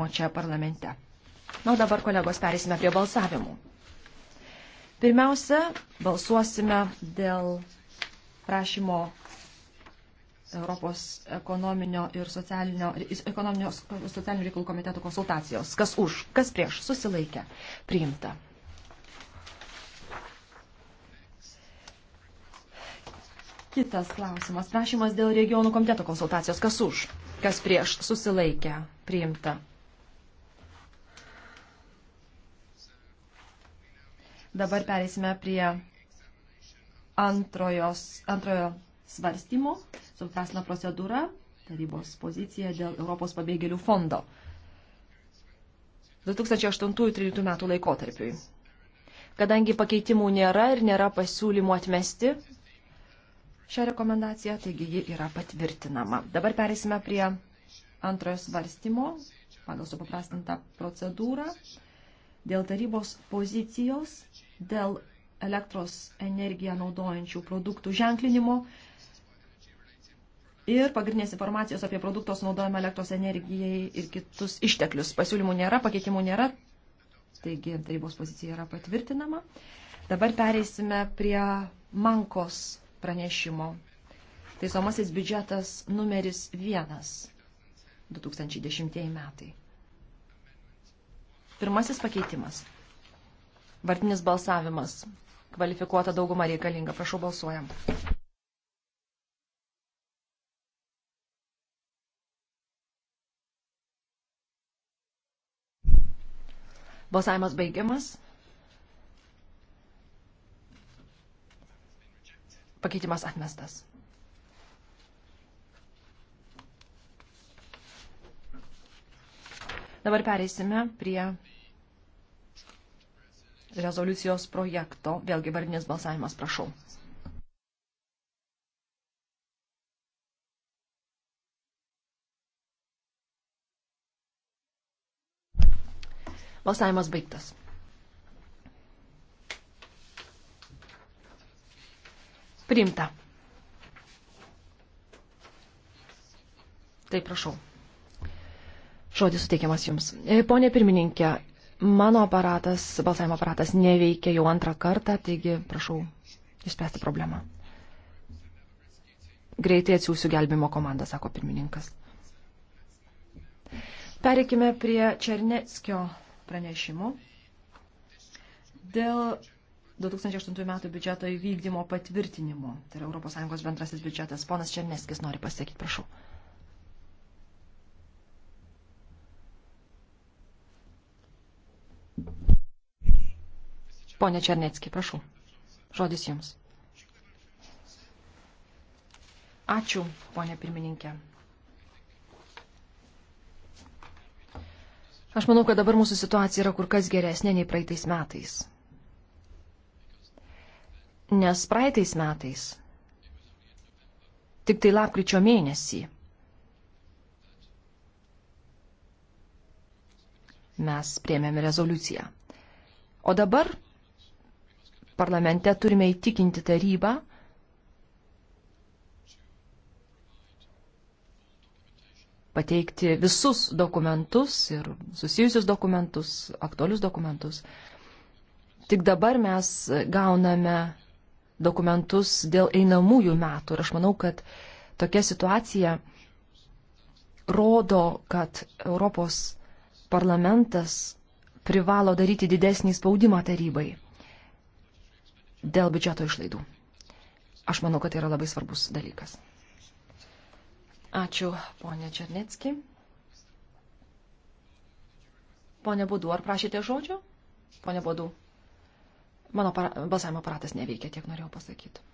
trūkumo čia parlamente. Na, o dabar, kolegos, perėsime prie balsavimų. Pirmiausia, balsuosime dėl prašymo Europos ekonominio ir socialinio, ekonominio, socialinio reikalų komiteto konsultacijos. Kas už, kas prieš, susilaikė, priimta. Kitas klausimas. Prašymas dėl regionų komiteto konsultacijos. Kas už, kas prieš, susilaikė, priimta. Dabar pereisime prie antrojos, antrojo svarstymo, suprasna procedūra, tarybos pozicija dėl Europos pabėgėlių fondo 2008-2013 metų laikotarpiui. Kadangi pakeitimų nėra ir nėra pasiūlymų atmesti šią rekomendaciją, taigi ji yra patvirtinama. Dabar pereisime prie antrojo svarstymo pagal supaprastintą procedūrą dėl tarybos pozicijos dėl elektros energiją naudojančių produktų ženklinimo ir pagrindinės informacijos apie produktos naudojimą elektros energijai ir kitus išteklius. Pasiūlymų nėra, pakeitimų nėra, taigi tarybos pozicija yra patvirtinama. Dabar pereisime prie Mankos pranešimo. Taisomasis biudžetas numeris 1 2010 metai. Pirmasis pakeitimas. Vartinis balsavimas. Kvalifikuota dauguma reikalinga. Prašau, balsuojam. Balsavimas baigiamas. Pakeitimas atmestas. Dabar pereisime prie rezoliucijos projekto. Vėlgi vardinės balsavimas, prašau. Balsavimas baigtas. Priimta. Taip, prašau. Žodis suteikiamas Jums. E, Pone pirmininkė, Mano aparatas, balsavimo aparatas neveikia jau antrą kartą, taigi prašau išspręsti problemą. Greitai atsiųsiu gelbimo komandą, sako pirmininkas. Pereikime prie Černeckio pranešimų. Dėl 2008 metų biudžeto įvykdymo patvirtinimo, tai yra ES bendrasis biudžetas, ponas Černeskis nori pasakyti, prašau. Pone Černecki, prašau. Žodis jums. Ačiū, ponė pirmininkė. Aš manau, kad dabar mūsų situacija yra kur kas geresnė nei praeitais metais. Nes praeitais metais, tik tai lapkričio mėnesį, mes priemėme rezoliuciją. O dabar parlamente turime įtikinti tarybą, pateikti visus dokumentus ir susijusius dokumentus, aktualius dokumentus. Tik dabar mes gauname dokumentus dėl einamųjų metų ir aš manau, kad tokia situacija rodo, kad Europos parlamentas privalo daryti didesnį spaudimą tarybai dėl biudžeto išlaidų. Aš manau, kad tai yra labai svarbus dalykas. Ačiū, ponė Černecki. Pone Budu, ar prašėte žodžio? Pone Budu, mano para, balsavimo aparatas neveikia, tiek norėjau pasakyti.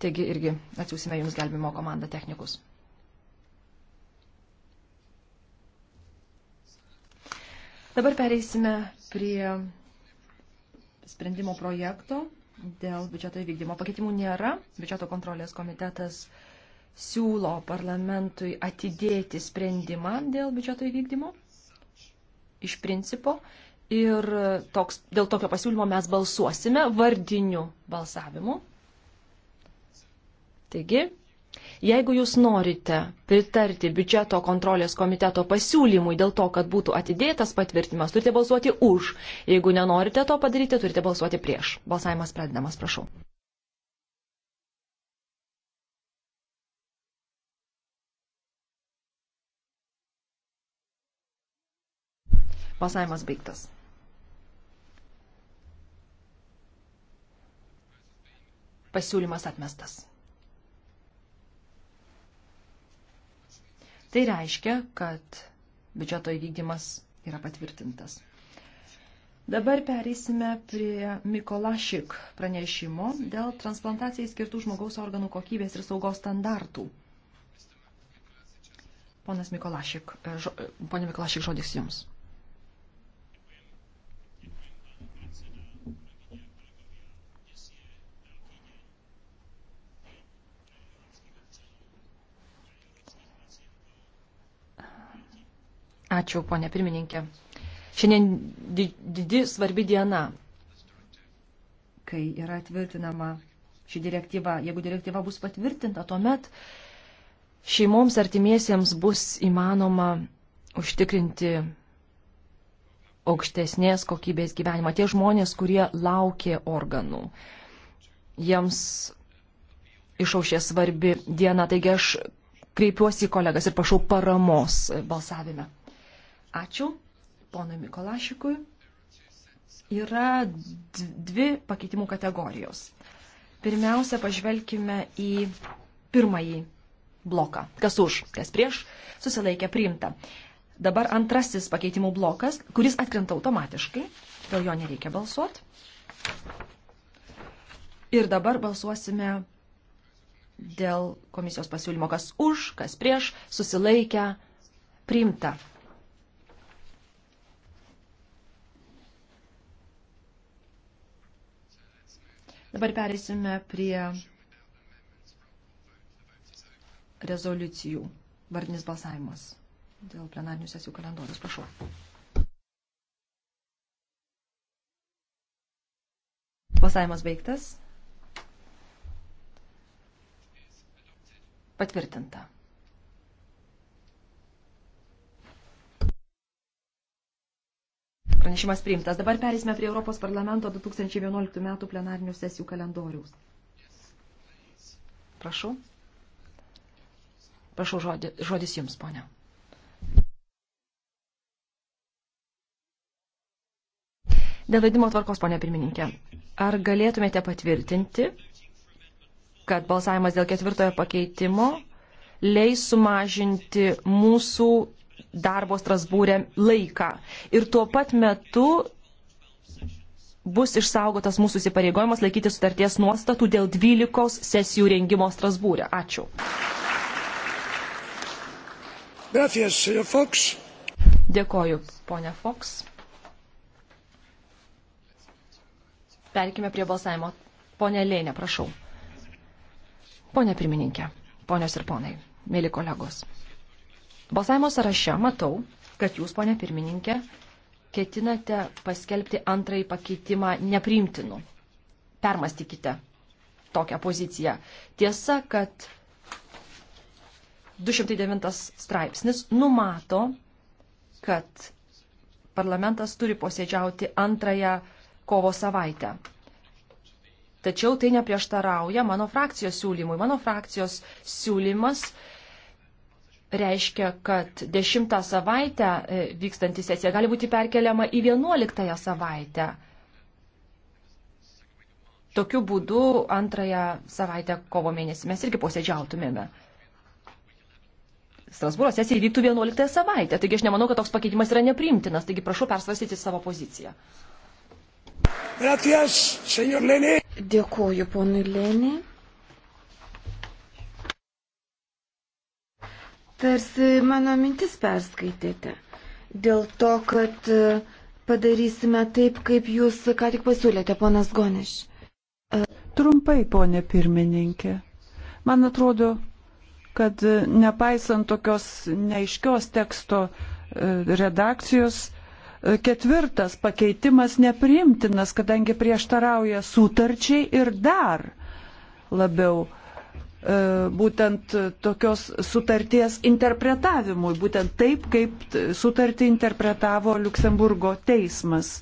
Taigi irgi atsiūsime Jums gelbimo komandą technikus. Dabar pereisime prie sprendimo projekto dėl biudžeto įvykdymo. Pakeitimų nėra. Biudžeto kontrolės komitetas siūlo parlamentui atidėti sprendimą dėl biudžeto įvykdymo iš principo. Ir toks, dėl tokio pasiūlymo mes balsuosime vardiniu balsavimu. Taigi, Jeigu jūs norite pritarti biudžeto kontrolės komiteto pasiūlymui dėl to, kad būtų atidėtas patvirtimas, turite balsuoti už. Jeigu nenorite to padaryti, turite balsuoti prieš. Balsavimas pradedamas, prašau. Balsavimas baigtas. Pasiūlymas atmestas. Tai reiškia, kad biudžeto įvykdymas yra patvirtintas. Dabar pereisime prie Mikolašik pranešimo dėl transplantacijai skirtų žmogaus organų kokybės ir saugos standartų. Ponas Mikolašik, žo, ponė Mikolašik, žodis jums. Ačiū, ponė pirmininkė. Šiandien didi svarbi diena, kai yra tvirtinama ši direktyva. Jeigu direktyva bus patvirtinta, tuomet šeimoms artimiesiems bus įmanoma užtikrinti aukštesnės kokybės gyvenimą. Tie žmonės, kurie laukė organų, jiems išaušė svarbi diena. Taigi aš kreipiuosi į kolegas ir prašau paramos balsavime. Ačiū ponui Mikolašikui. Yra dvi pakeitimų kategorijos. Pirmiausia, pažvelkime į pirmąjį bloką. Kas už, kas prieš, susilaikė priimta. Dabar antrasis pakeitimų blokas, kuris atkrenta automatiškai, dėl jo nereikia balsuoti. Ir dabar balsuosime dėl komisijos pasiūlymo, kas už, kas prieš, susilaikę, priimta. Dabar perėsime prie rezoliucijų. Vardinis balsavimas dėl plenarnių sesijų kalendorius. Prašau. Balsavimas baigtas. Patvirtinta. Pranešimas priimtas. Dabar perėsime prie Europos parlamento 2011 metų plenarinių sesijų kalendoriaus. Prašau. Prašau, žodis, žodis jums, ponia. Dėl vedimo tvarkos, ponia pirmininkė, ar galėtumėte patvirtinti, kad balsavimas dėl ketvirtojo pakeitimo leis sumažinti mūsų darbo Strasbūrė laiką. Ir tuo pat metu bus išsaugotas mūsų įsipareigojimas laikyti sutarties nuostatų dėl 12 sesijų rengimo Strasbūrė. Ačiū. Gracias, Fox. Dėkoju, ponia Fox. Perkime prie balsavimo. Pone Lėnė, prašau. Pone pirmininkė, ponios ir ponai, mėly kolegos. Balsavimo sąraše matau, kad jūs, ponė pirmininkė, ketinate paskelbti antrąjį pakeitimą nepriimtinu. Permastykite tokią poziciją. Tiesa, kad 209 straipsnis numato, kad parlamentas turi posėdžiauti antrąją kovo savaitę. Tačiau tai neprieštarauja mano frakcijos siūlymui. Mano frakcijos siūlymas reiškia, kad 10 savaitę e, vykstanti sesija gali būti perkeliama į 11 savaitę. Tokiu būdu antrąją savaitę kovo mėnesį mes irgi posėdžiautumėme. Strasbūro sesija įvyktų 11 savaitę, taigi aš nemanau, kad toks pakeitimas yra nepriimtinas, taigi prašau persvarstyti savo poziciją. Gracias, Dėkuoju, ponui Lenė. tarsi mano mintis perskaitėte. Dėl to, kad e, padarysime taip, kaip jūs ką tik pasiūlėte, ponas Goniš. E, Trumpai, ponė pirmininkė. Man atrodo, kad e, nepaisant tokios neaiškios teksto redakcijos, ketvirtas pakeitimas nepriimtinas, kadangi prieštarauja sutarčiai ir dar labiau E, būtent tokios sutarties interpretavimui, būtent taip, kaip sutartį interpretavo Luksemburgo teismas.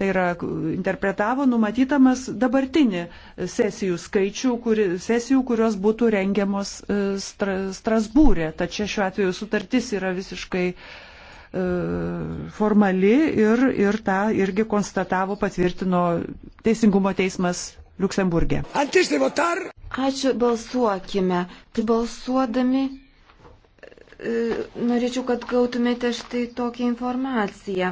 Tai yra, interpretavo numatytamas dabartinį sesijų skaičių, kuri, sesijų, kurios būtų rengiamos e, stra, Strasbūrė. Tačiau šiuo atveju sutartis yra visiškai e, formali ir, ir tą irgi konstatavo, patvirtino Teisingumo teismas Luksemburgė. Ačiū, balsuokime. Tai balsuodami e, norėčiau, kad gautumėte štai tokią informaciją.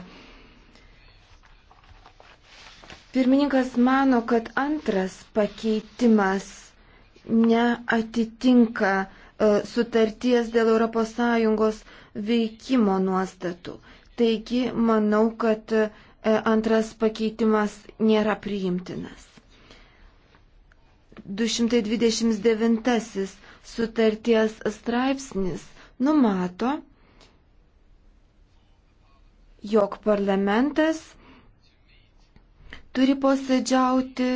Pirmininkas mano, kad antras pakeitimas neatitinka e, sutarties dėl ES veikimo nuostatų. Taigi, manau, kad e, antras pakeitimas nėra priimtinas. 229 sutarties straipsnis numato, jog parlamentas turi posėdžiauti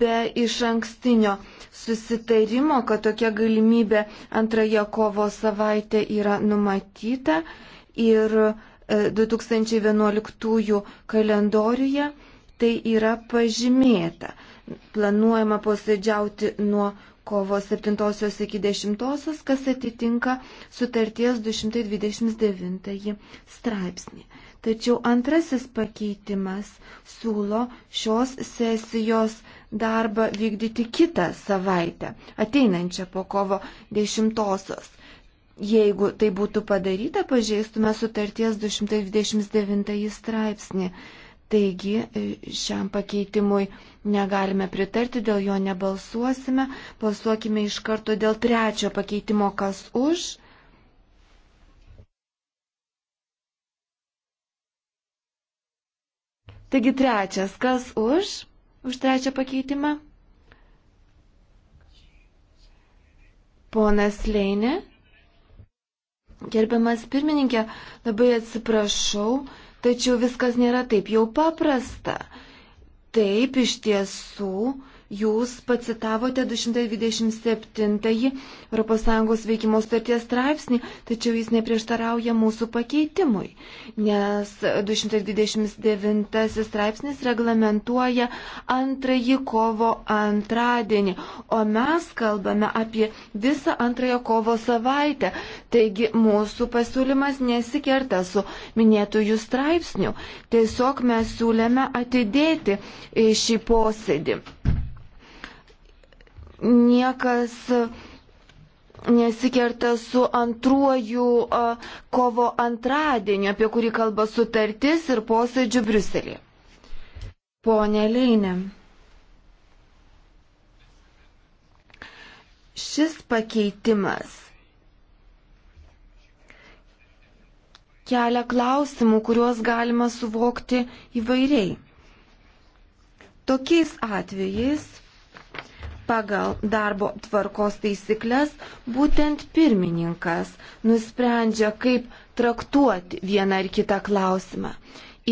be iš ankstinio susitarimo, kad tokia galimybė antrąją kovo savaitę yra numatyta ir uh, 2011 kalendoriuje tai yra pažymėta. Planuojama posėdžiauti nuo kovo 7 iki 10, kas atitinka sutarties 229 straipsnį. Tačiau antrasis pakeitimas siūlo šios sesijos darbą vykdyti kitą savaitę, ateinančią po kovo 10. -osios. Jeigu tai būtų padaryta, pažeistume sutarties 229 straipsnį. Taigi e, šiam pakeitimui negalime pritarti, dėl jo nebalsuosime. Balsuokime iš karto dėl trečio pakeitimo, kas už. Taigi trečias, kas už? Už trečią pakeitimą? Ponas Leinė. Gerbiamas pirmininkė, labai atsiprašau, tačiau viskas nėra taip jau paprasta. Taip, iš tiesų, Jūs pacitavote 227 ES veikimo starties straipsnį, tačiau jis neprieštarauja mūsų pakeitimui, nes 229 straipsnis reglamentuoja antrąjį kovo antradienį, o mes kalbame apie visą antrąją kovo savaitę. Taigi mūsų pasiūlymas nesikerta su minėtųjų straipsnių. Tiesiog mes siūlėme atidėti šį posėdį niekas nesikerta su antruoju kovo antradieniu, apie kurį kalba sutartis ir posėdžių Briuselėje. Pone Leinė. Šis pakeitimas kelia klausimų, kuriuos galima suvokti įvairiai. Tokiais atvejais Pagal darbo tvarkos taisyklės būtent pirmininkas nusprendžia, kaip traktuoti vieną ar kitą klausimą.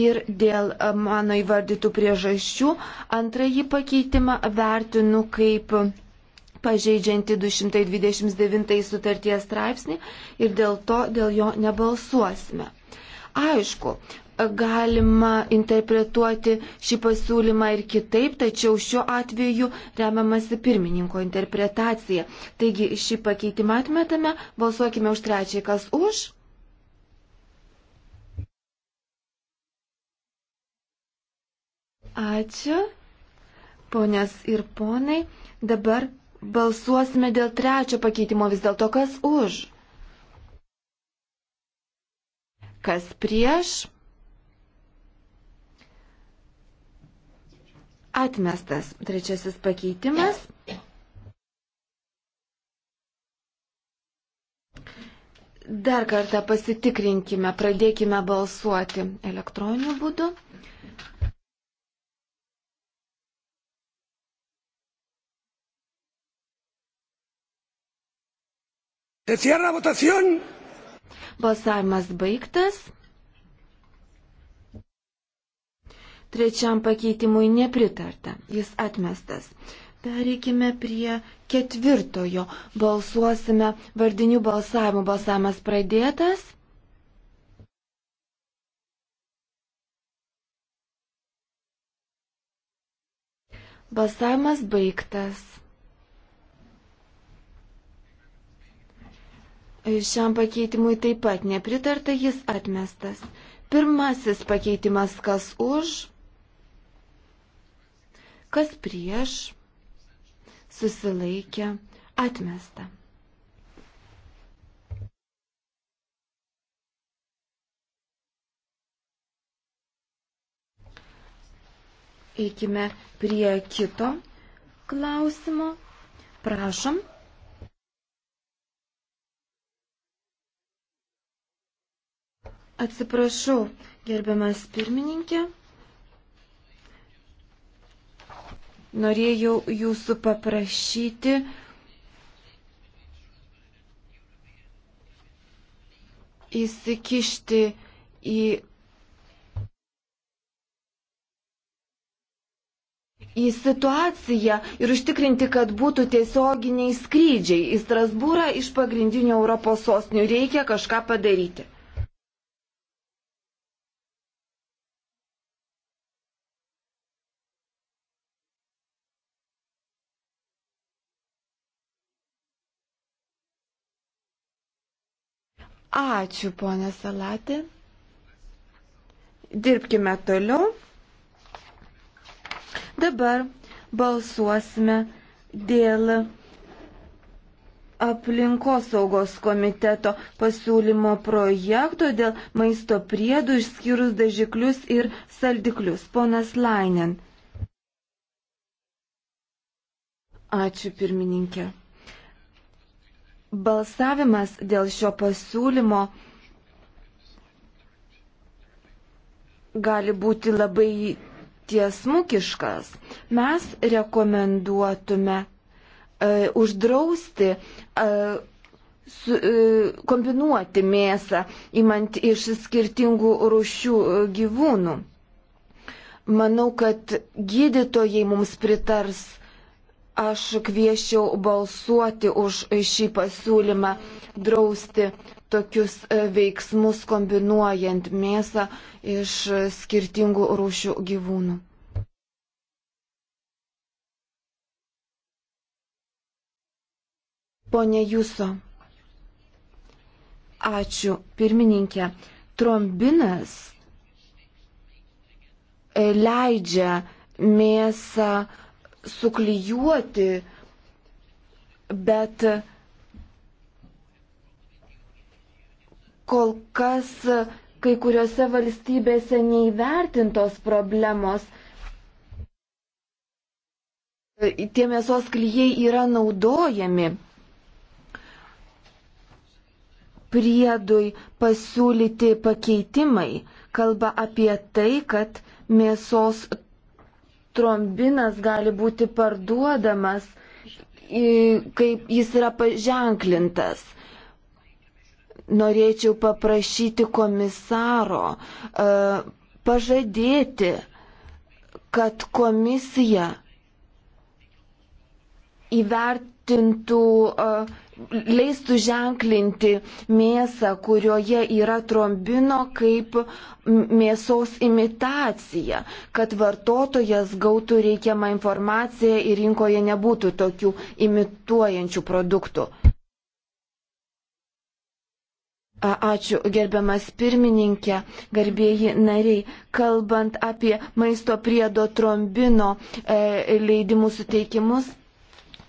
Ir dėl e, mano įvardytų priežasčių antrąjį pakeitimą vertinu kaip pažeidžianti 229 sutarties straipsnį ir dėl to dėl jo nebalsuosime. Aišku, galima interpretuoti šį pasiūlymą ir kitaip, tačiau šiuo atveju remiamasi pirmininko interpretacija. Taigi šį pakeitimą atmetame, balsuokime už trečią, kas už. Ačiū, ponios ir ponai. Dabar balsuosime dėl trečio pakeitimo vis dėlto kas už. Kas prieš? Atmestas trečiasis pakeitimas. Dar kartą pasitikrinkime, pradėkime balsuoti elektroniniu būdu. Balsavimas baigtas. Trečiam pakeitimui nepritarta. Jis atmestas. Pereikime prie ketvirtojo. Balsuosime vardinių balsavimų. Balsavimas pradėtas. Balsavimas baigtas. Šiam pakeitimui taip pat nepritarta, jis atmestas. Pirmasis pakeitimas kas už? kas prieš, susilaikė, atmesta. Eikime prie kito klausimo. Prašom. Atsiprašau, gerbiamas pirmininkė. norėjau jūsų paprašyti įsikišti į, į situaciją ir užtikrinti, kad būtų tiesioginiai skrydžiai į Strasbūrą iš pagrindinių Europos sostinių. Reikia kažką padaryti. Ačiū, ponė Salatė. Dirbkime toliau. Dabar balsuosime dėl aplinkosaugos komiteto pasiūlymo projekto dėl maisto priedų išskyrus dažiklius ir saldiklius. Ponas Lainen. Ačiū pirmininkė. Balsavimas dėl šio pasiūlymo gali būti labai tiesmukiškas. Mes rekomenduotume e, uždrausti e, su, e, kombinuoti mėsą, imant iš skirtingų rūšių e, gyvūnų. Manau, kad gydytojai mums pritars Aš kvieščiau balsuoti už šį pasiūlymą drausti tokius e, veiksmus kombinuojant mėsą iš skirtingų rūšių gyvūnų. Pone Jūso. Ačiū, pirmininkė. Trombinas e, leidžia mėsą suklyjuoti, bet kol kas kai kuriuose valstybėse neįvertintos problemos. Tie mėsos klyjei yra naudojami priedui pasiūlyti pakeitimai kalba apie tai, kad mėsos trombinas gali būti parduodamas, kaip jis yra paženklintas. Norėčiau paprašyti komisaro e, pažadėti, kad komisija įvertintų, leistų ženklinti mėsą, kurioje yra trombino kaip mėsos imitacija, kad vartotojas gautų reikiamą informaciją ir rinkoje nebūtų tokių imituojančių produktų. Ačiū, gerbiamas pirmininkė, garbėjai nariai. Kalbant apie maisto priedo trombino e, leidimų suteikimus,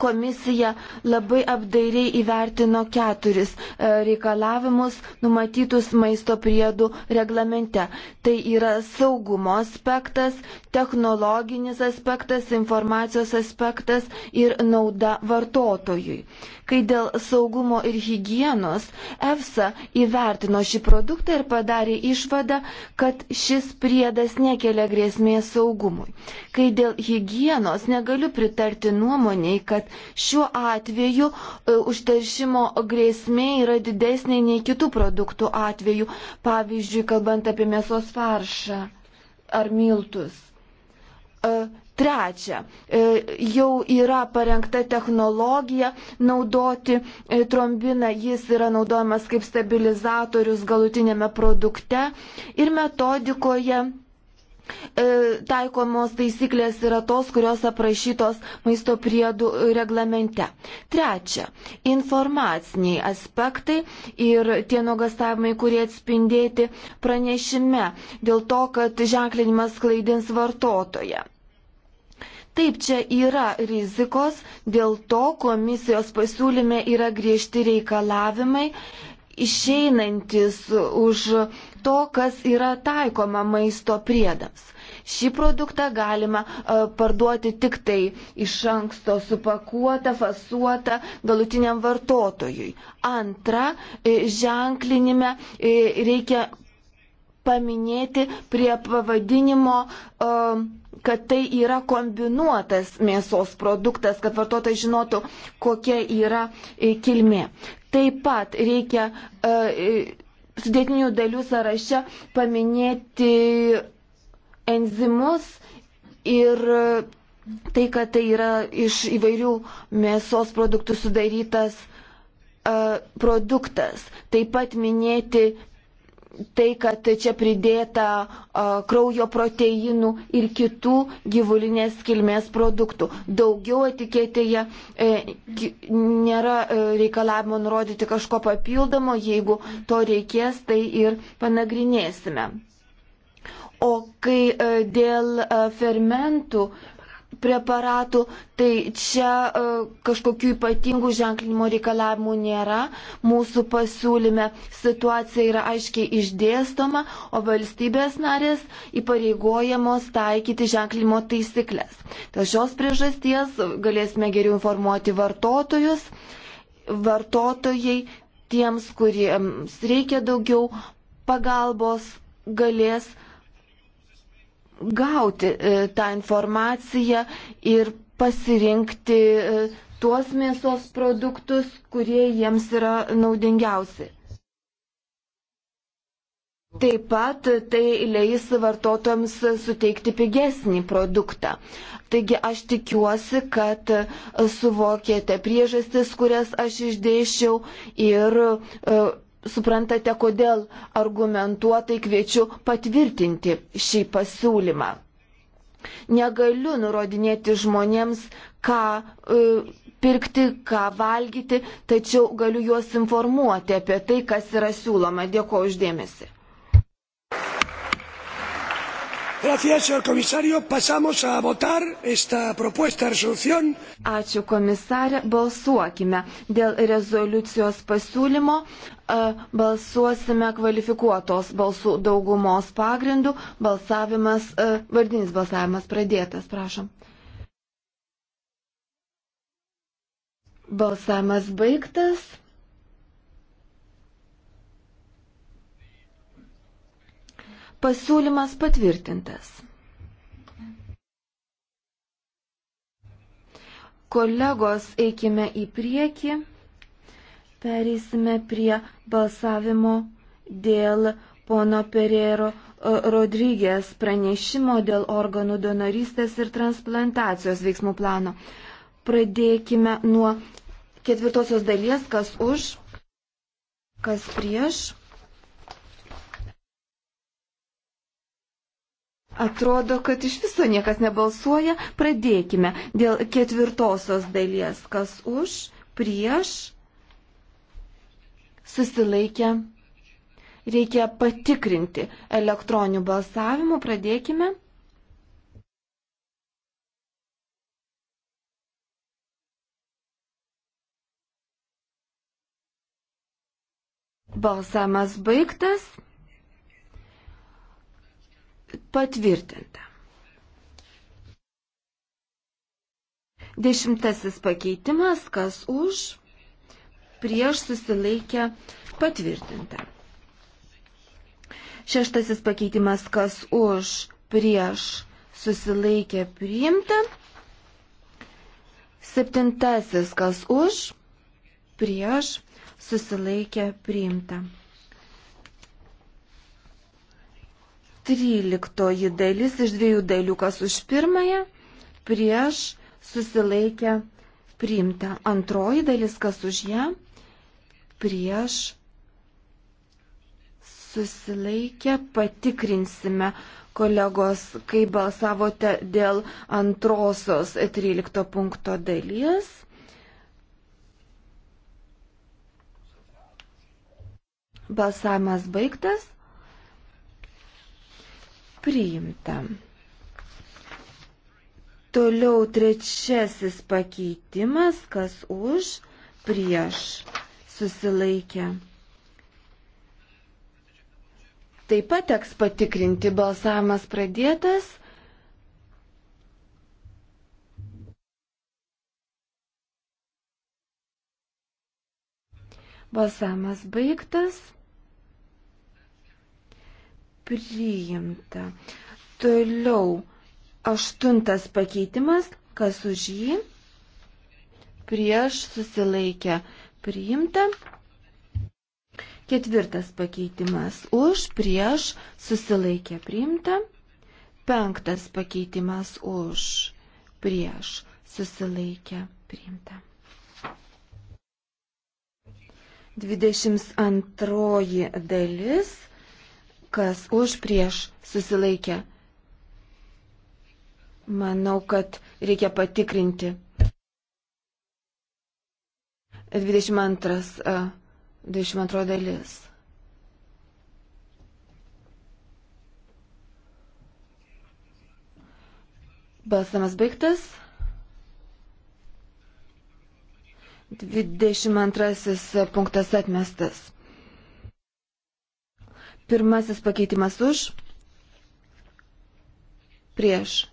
komisija labai apdairiai įvertino keturis e, reikalavimus numatytus maisto priedų reglamente. Tai yra saugumo aspektas, technologinis aspektas, informacijos aspektas ir nauda vartotojui. Kai dėl saugumo ir hygienos EFSA įvertino šį produktą ir padarė išvadą, kad šis priedas nekelia grėsmės saugumui. Kai dėl hygienos negaliu pritarti nuomoniai, kad bet šiuo atveju e, užteršimo grėsmė yra didesnė nei kitų produktų atveju, pavyzdžiui, kalbant apie mėsos faršą ar miltus. E, trečia, e, jau yra parengta technologija naudoti trombiną, jis yra naudojamas kaip stabilizatorius galutinėme produkte ir metodikoje E, taikomos taisyklės yra tos, kurios aprašytos maisto priedų reglamente. Trečia, informaciniai aspektai ir tie nuogastavimai, kurie atspindėti pranešime dėl to, kad ženklinimas klaidins vartotoje. Taip, čia yra rizikos, dėl to komisijos pasiūlyme yra griežti reikalavimai išeinantis už to, kas yra taikoma maisto priedams. Šį produktą galima e, parduoti tik tai iš anksto supakuotą, fasuotą galutiniam vartotojui. Antra, e, ženklinime e, reikia paminėti prie pavadinimo, kad tai yra kombinuotas mėsos produktas, kad vartotojai žinotų, kokia yra kilmė. Taip pat reikia sudėtinių dalių sąraše paminėti enzimus ir tai, kad tai yra iš įvairių mėsos produktų sudarytas e, produktas. Taip pat minėti tai, kad čia pridėta a, kraujo proteinų ir kitų gyvulinės kilmės produktų. Daugiau etiketėje e, nėra e, reikalavimo nurodyti kažko papildomo, jeigu to reikės, tai ir panagrinėsime. O kai e, dėl e, fermentų e, preparatų, tai čia e, kažkokių ypatingų ženklinimo reikalavimų nėra. Mūsų pasiūlyme situacija yra aiškiai išdėstoma, o valstybės narės įpareigojamos taikyti ženklinimo taisyklės. Dėl šios priežasties galėsime geriau informuoti vartotojus. Vartotojai tiems, kuriems reikia daugiau pagalbos, galės gauti e, tą informaciją ir pasirinkti e, tuos mėsos produktus, kurie jiems yra naudingiausi. Taip pat tai leis vartotojams suteikti pigesnį produktą. Taigi aš tikiuosi, kad suvokėte priežastis, kurias aš išdėšiau ir e, suprantate, kodėl argumentuotai kviečiu patvirtinti šį pasiūlymą. Negaliu nurodinėti žmonėms, ką uh, pirkti, ką valgyti, tačiau galiu juos informuoti apie tai, kas yra siūloma. Dėkuoju uždėmesi. Gracias, señor comisario. Pasamos a votar esta propuesta de resolución. Ačiū komisarė. Balsuokime dėl rezoliucijos pasiūlymo. E, balsuosime kvalifikuotos balsų daugumos pagrindų. Balsavimas, e, vardinis balsavimas pradėtas, prašom. Balsavimas baigtas. Pasiūlymas patvirtintas. Kolegos, eikime į priekį. Pereisime prie balsavimo dėl pono Perero e, Rodrygės pranešimo dėl organų donorystės ir transplantacijos veiksmų plano. Pradėkime nuo ketvirtosios dalies, kas už, kas prieš. Atrodo, kad iš viso niekas nebalsuoja. Pradėkime dėl ketvirtosios dalies. Kas už, prieš, susilaikė. Reikia patikrinti elektroninių balsavimų. Pradėkime. Balsamas baigtas. Patvirtinta. Dešimtasis pakeitimas, kas už, prieš susilaikę patvirtinta. Šeštasis pakeitimas, kas už, prieš susilaikę priimta. Septintasis, kas už, prieš susilaikę priimta. 13 dalis iš dviejų dalių, kas už pirmąją, prieš susilaikę priimta. Antroji dalis, kas už ją, prieš susilaikę patikrinsime. Kolegos, kai balsavote dėl antrosios 13 punkto dalies, balsavimas baigtas. Priimta. Toliau trečiasis pakeitimas, kas už, prieš, susilaikė. Taip pat teks patikrinti balsavimas pradėtas. Balsavimas baigtas priimta. Toliau aštuntas pakeitimas, kas už jį, prieš susilaikę priimta. Ketvirtas pakeitimas už, prieš susilaikę priimta. Penktas pakeitimas už, prieš susilaikę priimta. 22 dalis kas už prieš susilaikė. Manau, kad reikia patikrinti. 22, 22 dalis. Balsamas baigtas. 22 punktas atmestas. Pirmasis pakeitimas už, prieš,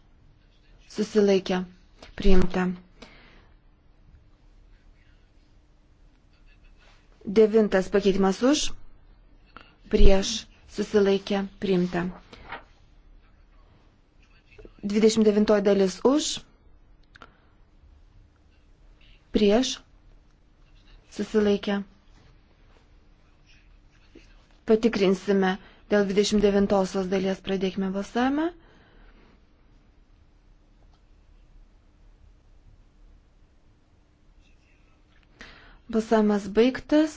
susilaikė, priimta. Devintas pakeitimas už, prieš, susilaikė, priimta. 29 dalis už, prieš, susilaikė, priimta Patikrinsime dėl 29 dalies pradėkime balsavimą. Balsavimas baigtas.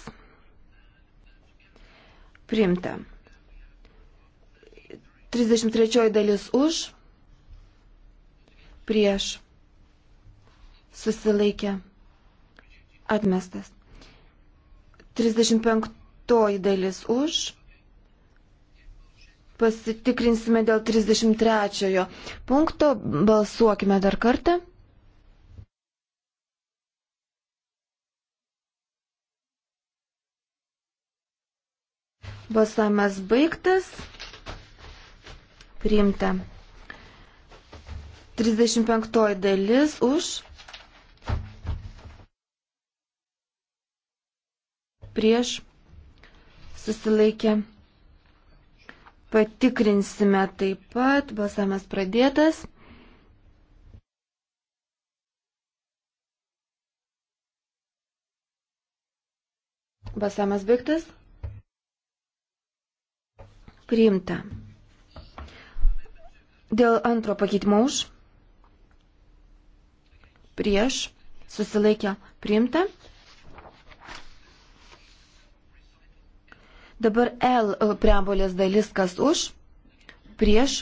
Priimta. 33 dalis už, prieš, susilaikė, atmestas. 35 Penktoji dalis už. Pasitikrinsime dėl 33 punkto. Balsuokime dar kartą. Balsavimas baigtas. Priimta. 35 dalis už. Prieš susilaikė. Patikrinsime taip pat, balsavimas pradėtas. Balsavimas baigtas. Priimta. Dėl antro pakeitimo už. Prieš. Susilaikė. Priimta. Dabar L preambolės dalis, kas už, prieš,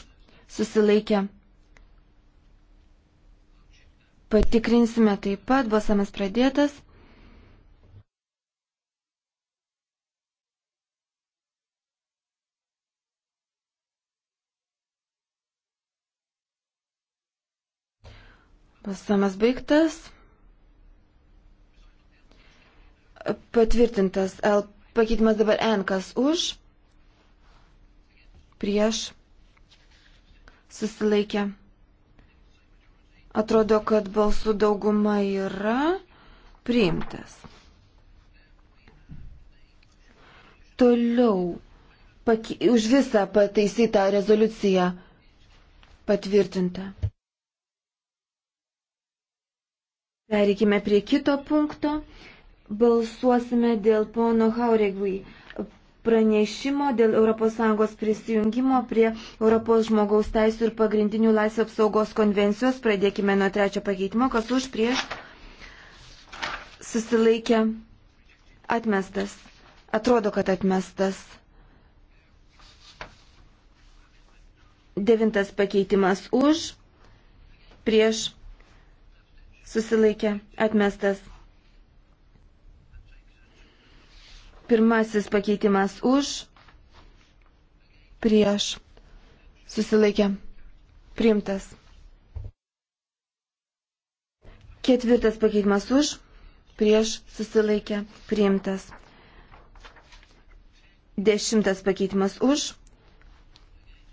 susilaikė. Patikrinsime taip pat, balsamas pradėtas. Balsamas baigtas. Patvirtintas L Pakeitimas dabar N, kas už, prieš, susilaikė. Atrodo, kad balsų dauguma yra priimtas. Toliau, paki, už visą pataisytą rezoliuciją patvirtinta. Pereikime prie kito punkto balsuosime dėl pono Hauregui pranešimo dėl ES prisijungimo prie Europos žmogaus teisų ir pagrindinių laisvės apsaugos konvencijos. Pradėkime nuo trečio pakeitimo, kas už prieš susilaikė atmestas. Atrodo, kad atmestas. Devintas pakeitimas už, prieš, susilaikė, atmestas. Pirmasis pakeitimas už, prieš, susilaikė, priimtas. Ketvirtas pakeitimas už, prieš, susilaikė, priimtas. Dešimtas pakeitimas už,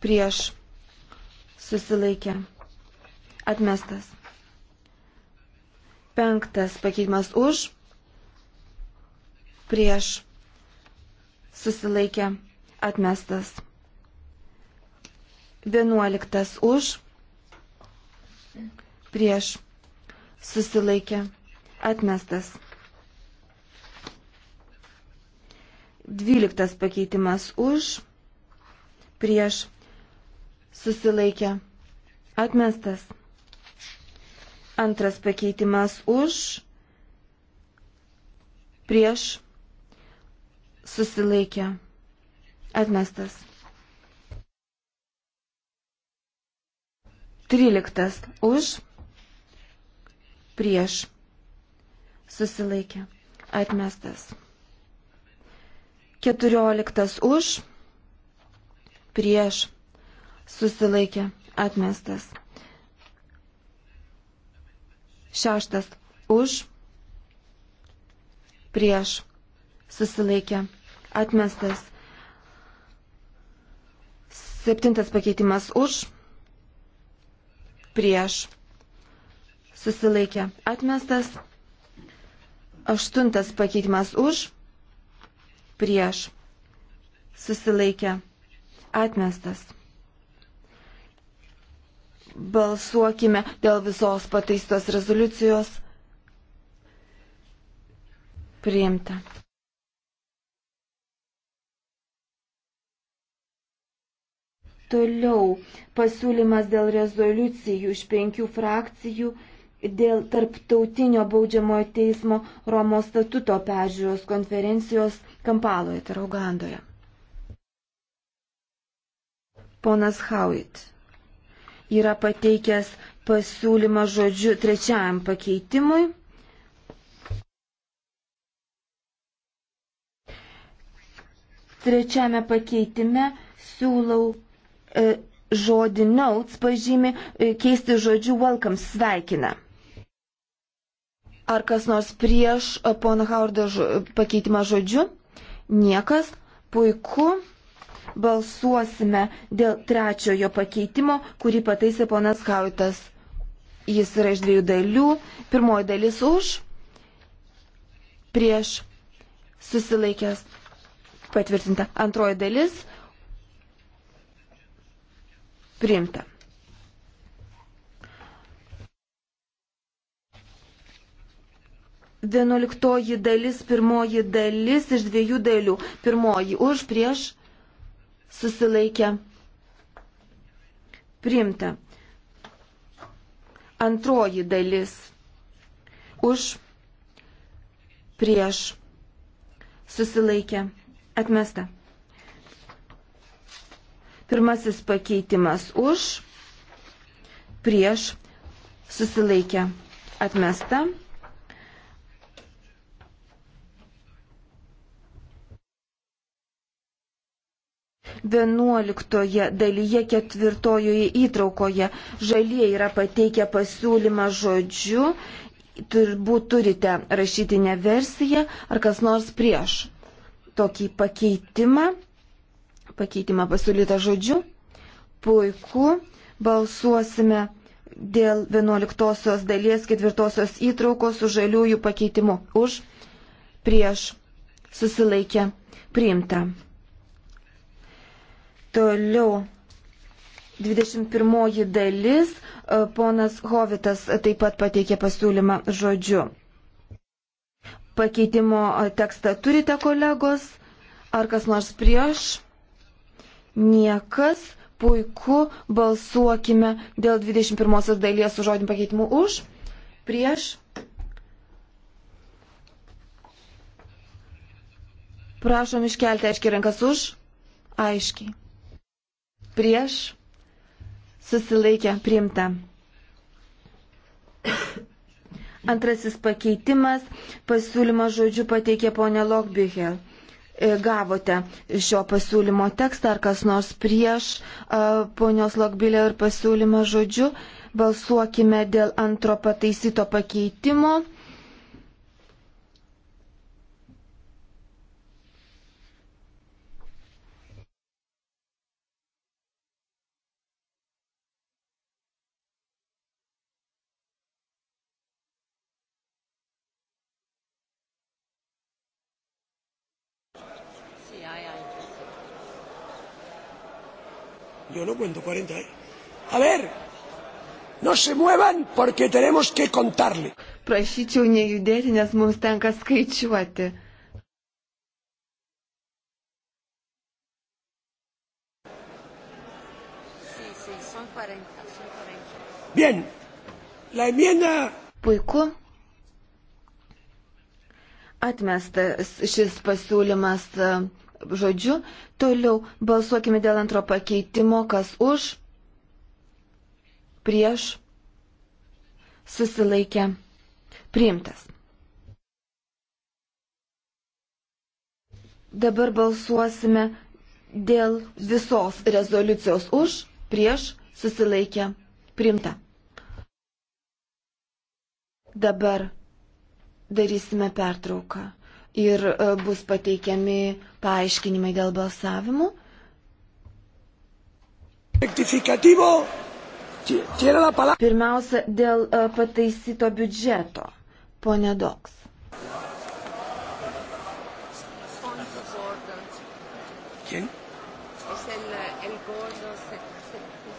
prieš, susilaikė, atmestas. Penktas pakeitimas už, prieš, susilaikė susilaikė atmestas. 11 už, prieš, susilaikė atmestas. 12 pakeitimas už, prieš, susilaikė atmestas. Antras pakeitimas už, prieš, susilaikė, atmestas. 13 už, prieš, susilaikė, atmestas. 14 už, prieš, susilaikė, atmestas. 6 už, prieš, susilaikė, atmestas. Septintas pakeitimas už, prieš, susilaikė, atmestas. Aštuntas pakeitimas už, prieš, susilaikė, atmestas. Balsuokime dėl visos pataistos rezoliucijos. Priimta. Toliau pasiūlymas dėl rezoliucijų iš penkių frakcijų dėl tarptautinio baudžiamojo teismo Romos statuto peržiūros konferencijos Kampaloje, tai yra Ugandoje. Ponas Howitt yra pateikęs pasiūlymą žodžiu trečiajam pakeitimui. Trečiame pakeitime siūlau E, žodį notes pažymi e, keisti žodžiu welcome sveikina. Ar kas nors prieš e, pono Howardo pakeitimą žodžiu? Niekas. Puiku. Balsuosime dėl trečiojo pakeitimo, kurį pataisė ponas Hautas. Jis yra iš dviejų dalių. Pirmoji dalis už, prieš, susilaikęs, patvirtinta. Antroji dalis priimta. Vienuoliktoji dalis, pirmoji dalis iš dviejų dalių. Pirmoji už, prieš, susilaikę, priimta. Antroji dalis už, prieš, susilaikę, atmesta. Pirmasis pakeitimas už, prieš, susilaikę, atmesta. Vienuoliktoje dalyje ketvirtojoje įtraukoje žalie yra pateikę pasiūlymą žodžiu, turbūt turite rašytinę versiją ar kas nors prieš tokį pakeitimą pakeitimą pasiūlytą žodžiu. Puiku, balsuosime dėl 11 dalies 4 įtraukos su žaliųjų pakeitimu. Už, prieš, susilaikę, priimta. Toliau 21 dalis, e, ponas Hovitas taip pat pateikė pasiūlymą žodžiu. Pakeitimo tekstą turite kolegos, ar kas nors prieš? niekas, puiku, balsuokime dėl 21 dalies su žodiniu pakeitimu už, prieš. Prašom iškelti aiškiai rankas už, aiškiai. Prieš susilaikę priimta. Antrasis pakeitimas pasiūlymą žodžiu pateikė ponė Lokbichel. E, gavote šio pasiūlymo tekstą, ar kas nors prieš e, ponios Lokbilė ir pasiūlymą žodžiu. Balsuokime dėl antro pataisyto pakeitimo. lo cuento, 40 años. ¿eh? A ver, no se muevan porque tenemos que contarle. Prašyčiau nejudėti, nes mums tenka skaičiuoti. Bien, la enmienda. Puiku. Atmestas šis pasiūlymas. Uh, žodžiu. Toliau balsuokime dėl antro pakeitimo, kas už, prieš, susilaikė, priimtas. Dabar balsuosime dėl visos rezoliucijos už, prieš, susilaikė, priimta. Dabar darysime pertrauką ir e, bus pateikiami paaiškinimai dėl balsavimų. Pirmiausia, dėl e, pataisyto biudžeto. Pone Doks.